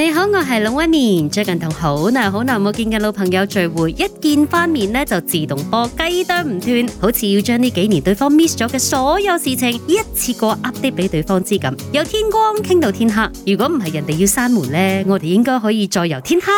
你好，我係龍紋敏。最近同好耐好耐冇見嘅老朋友聚會，一見翻面咧就自動波雞啄唔斷，好似要將呢幾年對方 miss 咗嘅所有事情一次過 update 俾對方知咁。由天光傾到天黑，如果唔係人哋要閂門咧，我哋應該可以再由天黑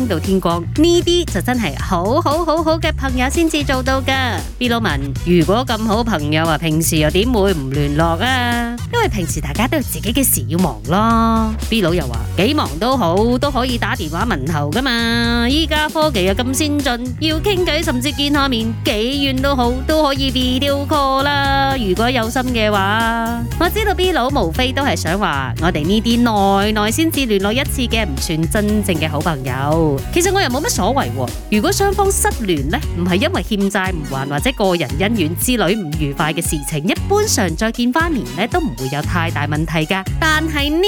傾到天光。呢啲就真係好好好好嘅朋友先至做到噶。B 佬問，如果咁好朋友啊，平時又點會唔聯絡啊？因為平時大家都有自己嘅事要忙咯。B 佬又話幾忙都。都好都可以打電話問候噶嘛，依家科技又咁先進，要傾偈甚至見下面幾遠都好都可以 video call 啦。如果有心嘅話，我知道 B 佬無非都係想話我哋呢啲耐耐先至聯絡一次嘅唔算真正嘅好朋友。其實我又冇乜所謂。如果雙方失聯咧，唔係因為欠債唔還或者個人恩怨之類唔愉快嘅事情，一般上再見翻面咧都唔會有太大問題噶。但係呢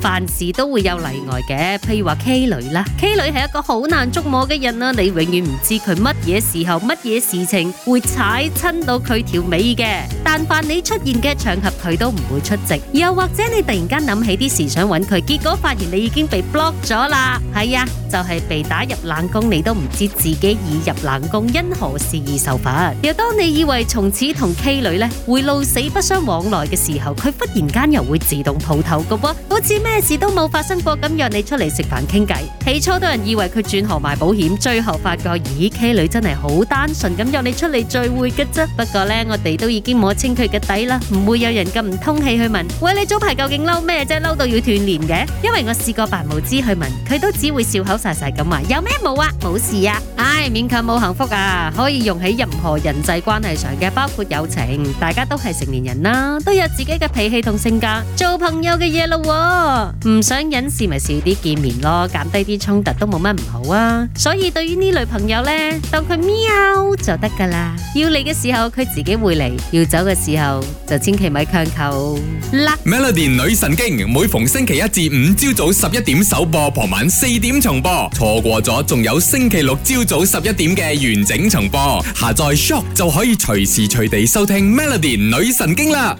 凡事都會有例外。嘅，譬如話 K 女啦，K 女係一個好難捉摸嘅人啦，啊，你永遠唔知佢乜嘢時候，乜嘢事情會踩親到佢條尾嘅。但凡你出現嘅場合，佢都唔會出席。又或者你突然間諗起啲事想揾佢，結果發現你已經被 block 咗啦。係啊，就係、是、被打入冷宮，你都唔知自己已入冷宮，因何事而受罰。又當你以為從此同 K 女咧會老死不相往來嘅時候，佢忽然間又會自動抱頭嘅噃，好似咩事都冇發生過咁樣。你出嚟食飯傾偈，起初都人以為佢轉行賣保險，最後發覺咦，K 女真係好單純咁約你出嚟聚會嘅啫。不過呢，我哋都已經摸清佢嘅底啦，唔會有人咁唔通氣去問。喂，你早排究竟嬲咩啫？嬲到要斷聯嘅？因為我試過扮無知去問，佢都只會笑口晒晒咁話：有咩冇啊？冇事啊。唉、哎，勉強冇幸福啊，可以用喺任何人際關係上嘅，包括友情。大家都係成年人啦，都有自己嘅脾氣同性格，做朋友嘅嘢咯。唔想忍時咪、就是啲見面咯，減低啲衝突都冇乜唔好啊！所以對於呢類朋友咧，當佢喵就得噶啦。要嚟嘅時候佢自己會嚟，要走嘅時候就千祈咪強求啦。Melody 女神經每逢星期一至五朝早十一點首播，傍晚四點重播，錯過咗仲有星期六朝早十一點嘅完整重播。下載 Shock 就可以隨時隨地收聽 Melody 女神經啦。